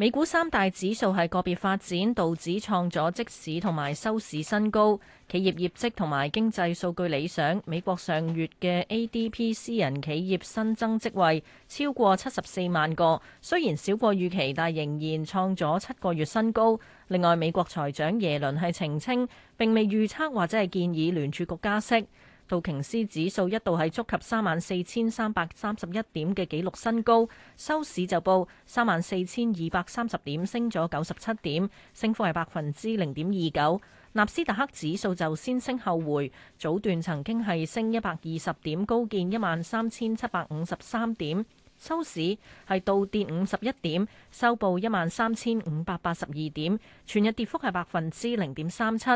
美股三大指數係個別發展，道指創咗即市同埋收市新高。企業業績同埋經濟數據理想。美國上月嘅 ADP 私人企業新增職位超過七十四萬個，雖然少過預期，但仍然創咗七個月新高。另外，美國財長耶倫係澄清並未預測或者係建議聯儲局加息。道瓊斯指數一度係觸及三萬四千三百三十一點嘅紀錄新高，收市就報三萬四千二百三十點，升咗九十七點，升幅係百分之零點二九。納斯達克指數就先升後回，早段曾經係升一百二十點，高見一萬三千七百五十三點，收市係倒跌五十一點，收報一萬三千五百八十二點，全日跌幅係百分之零點三七。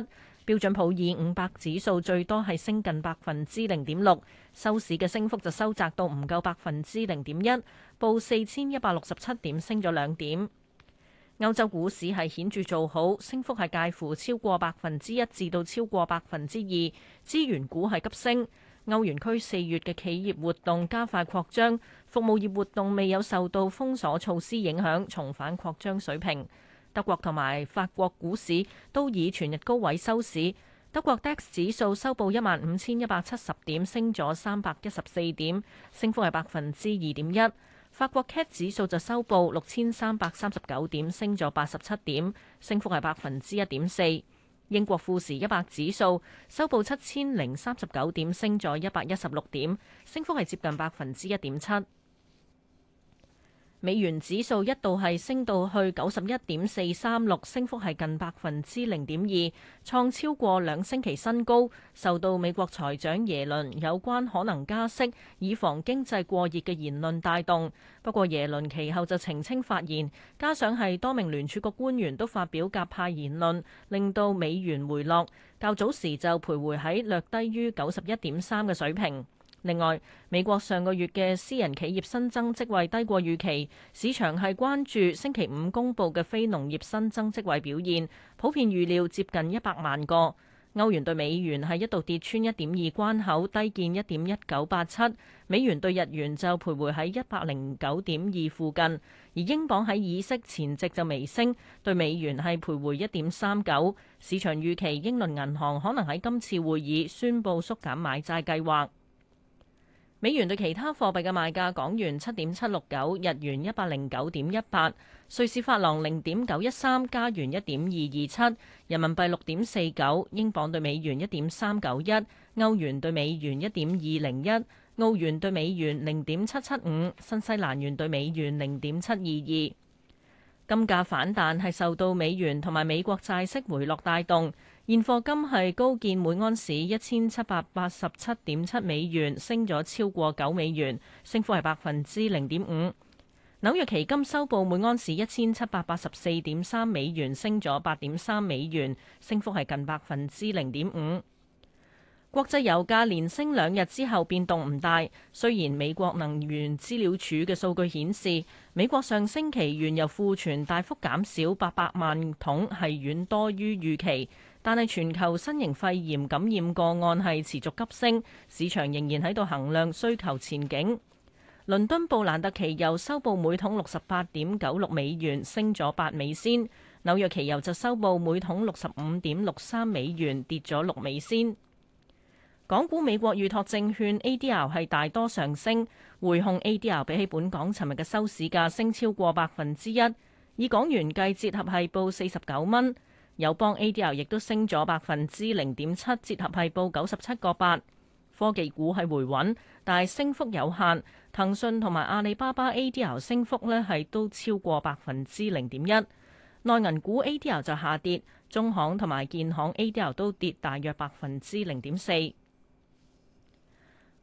標準普爾五百指數最多係升近百分之零點六，收市嘅升幅就收窄到唔夠百分之零點一，報四千一百六十七點，升咗兩點。歐洲股市係顯著做好，升幅係介乎超過百分之一至到超過百分之二。資源股係急升。歐元區四月嘅企業活動加快擴張，服務業活動未有受到封鎖措施影響，重返擴張水平。德國同埋法國股市都以全日高位收市。德國 DAX 指數收報一萬五千一百七十點，升咗三百一十四點，升幅係百分之二點一。法國 CAC 指數就收報六千三百三十九點，升咗八十七點，升幅係百分之一點四。英國富時一百指數收報七千零三十九點，升咗一百一十六點，升幅係接近百分之一點七。美元指數一度係升到去九十一點四三六，升幅係近百分之零點二，創超過兩星期新高，受到美國財長耶倫有關可能加息以防經濟過熱嘅言論帶動。不過耶倫其後就澄清發言，加上係多名聯儲局官員都發表鴿派言論，令到美元回落。較早時就徘徊喺略低於九十一點三嘅水平。另外，美國上個月嘅私人企業新增職位低過預期，市場係關注星期五公布嘅非農業新增職位表現，普遍預料接近一百萬個。歐元對美元係一度跌穿一點二關口，低見一點一九八七。美元對日元就徘徊喺一百零九點二附近，而英鎊喺議息前夕就微升，對美元係徘徊一點三九。市場預期英倫銀行可能喺今次會議宣布縮減買債計劃。美元對其他貨幣嘅賣價：港元七點七六九，日元一百零九點一八，瑞士法郎零點九一三，加元一點二二七，人民幣六點四九，英鎊對美元一點三九一，歐元對美元一點二零一，澳元對美元零點七七五，新西蘭元對美元零點七二二。金價反彈係受到美元同埋美國債息回落帶動。現貨金係高見每安士一千七百八十七點七美元，升咗超過九美元，升幅係百分之零點五。紐約期金收報每安士一千七百八十四點三美元，升咗八點三美元，升幅係近百分之零點五。國際油價連升兩日之後變動唔大，雖然美國能源資料處嘅數據顯示，美國上星期原油庫存大幅減少八百萬桶，係遠多於預期。但係全球新型肺炎感染個案係持續急升，市場仍然喺度衡量需求前景。倫敦布蘭特期油收報每桶六十八點九六美元，升咗八美仙；紐約期油就收報每桶六十五點六三美元，跌咗六美仙。港股美國預託證券 ADR 係大多上升，匯控 ADR 比起本港尋日嘅收市價升超過百分之一，以港元計折合係報四十九蚊。友邦 ADR 亦都升咗百分之零點七，折合係報九十七個八。科技股係回穩，但係升幅有限。騰訊同埋阿里巴巴 ADR 升幅咧係都超過百分之零點一。內銀股 ADR 就下跌，中行同埋建行 ADR 都跌大約百分之零點四。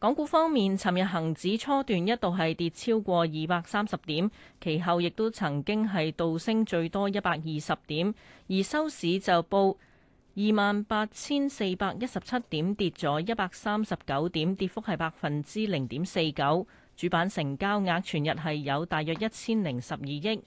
港股方面，尋日恒指初段一度係跌超過二百三十點，其後亦都曾經系度升最多一百二十點，而收市就報二萬八千四百一十七點，跌咗一百三十九點，跌幅係百分之零點四九。主板成交額全日係有大約一千零十二億。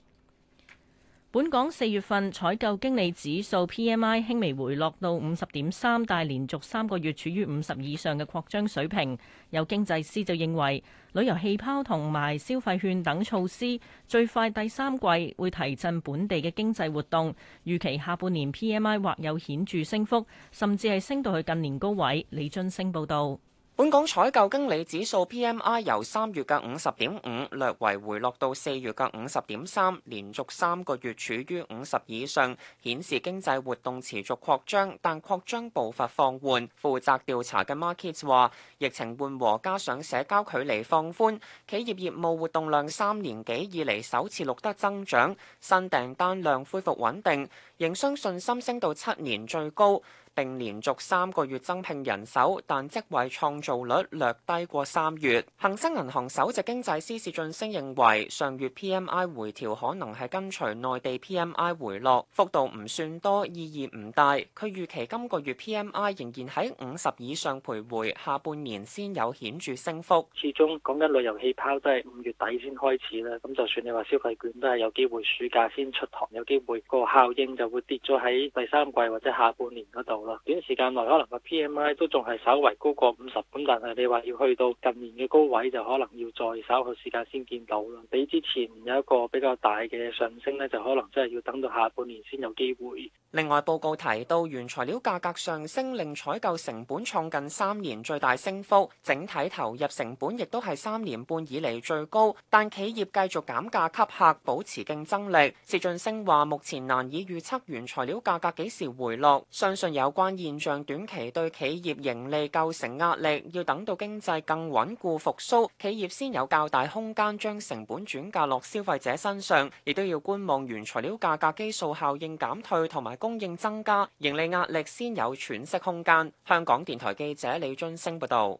本港四月份採購經理指數 PMI 輕微回落到五十點三，但係連續三個月處於五十以上嘅擴張水平。有經濟師就認為，旅遊氣泡同埋消費券等措施，最快第三季會提振本地嘅經濟活動，預期下半年 PMI 或有顯著升幅，甚至係升到去近年高位。李俊升報導。本港採購經理指數 PMI 由三月嘅五十點五略為回落到四月嘅五十點三，連續三個月處於五十以上，顯示經濟活動持續擴張，但擴張步伐放緩。負責調查嘅 Markets 話：疫情緩和加上社交距離放寬，企業業務活動量三年幾以嚟首次錄得增長，新訂單量恢復穩定，營商信心升到七年最高。並連續三個月增聘人手，但職位創造率略低過三月。恒生銀行首席經濟師薛俊昇認為，上月 PMI 回調可能係跟隨內地 PMI 回落，幅度唔算多，意義唔大。佢預期今個月 PMI 仍然喺五十以上徘徊，下半年先有顯著升幅。始終講緊旅遊氣泡都係五月底先開始啦，咁就算你話消費券都係有機會暑假先出台，有機會個效應就會跌咗喺第三季或者下半年嗰度。短時間內可能個 PMI 都仲係稍為高過五十，咁但係你話要去到近年嘅高位，就可能要再稍後時間先見到啦。比之前有一個比較大嘅上升呢，就可能真係要等到下半年先有機會。另外報告提到原材料價格上升令採購成本創近三年最大升幅，整體投入成本亦都係三年半以嚟最高。但企業繼續減價吸客，保持競爭力。薛俊升話：目前難以預測原材料價格幾時回落，相信有。有關現象短期對企業盈利構成壓力，要等到經濟更穩固復甦，企業先有較大空間將成本轉嫁落消費者身上，亦都要觀望原材料價格基數效應減退同埋供應增加，盈利壓力先有喘息空間。香港電台記者李津升報道。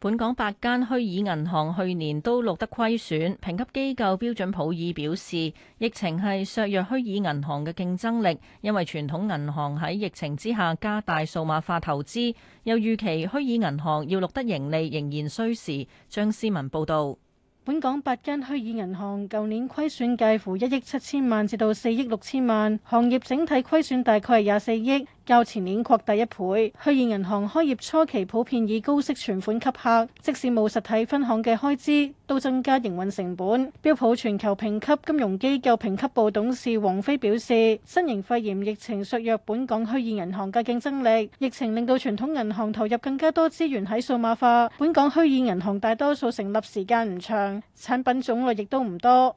本港八間虛擬銀行去年都錄得虧損，評級機構標準普爾表示，疫情係削弱虛擬銀行嘅競爭力，因為傳統銀行喺疫情之下加大數碼化投資，又預期虛擬銀行要錄得盈利仍然需時。張思文報導，本港八間虛擬銀行舊年虧損介乎一億七千萬至到四億六千萬，行業整體虧損大概係廿四億。較前年擴大一倍。虛擬銀行開業初期普遍以高息存款吸客，即使冇實體分行嘅開支，都增加營運成本。標普全球評級金融機構評級部董事王菲表示：新型肺炎疫情削弱本港虛擬銀行嘅競爭力。疫情令到傳統銀行投入更加多資源喺數碼化。本港虛擬銀行大多數成立時間唔長，產品種類亦都唔多。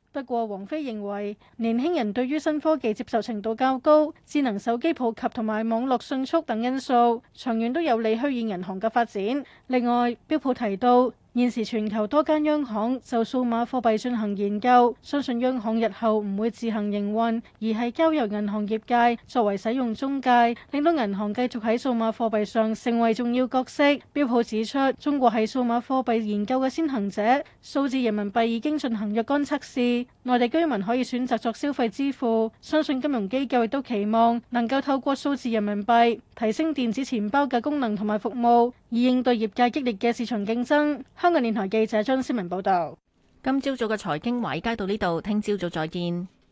不過，王菲認為年輕人對於新科技接受程度較高，智能手機普及同埋網絡迅速等因素，長遠都有利虛擬銀行嘅發展。另外，標普提到，現時全球多間央行就數碼貨幣進行研究，相信央行日後唔會自行營運，而係交由銀行業界作為使用中介，令到銀行繼續喺數碼貨幣上成為重要角色。標普指出，中國係數碼貨幣研究嘅先行者，數字人民幣已經進行若干測試，內地居民可以選擇作消費支付。相信金融機構亦都期望能夠透過數字人民幣提升電子錢包嘅功能同埋服務，以應對業界激烈嘅市場競爭。香港電台記者張思明報道。今朝早嘅財經華爾街到呢度，聽朝早再見。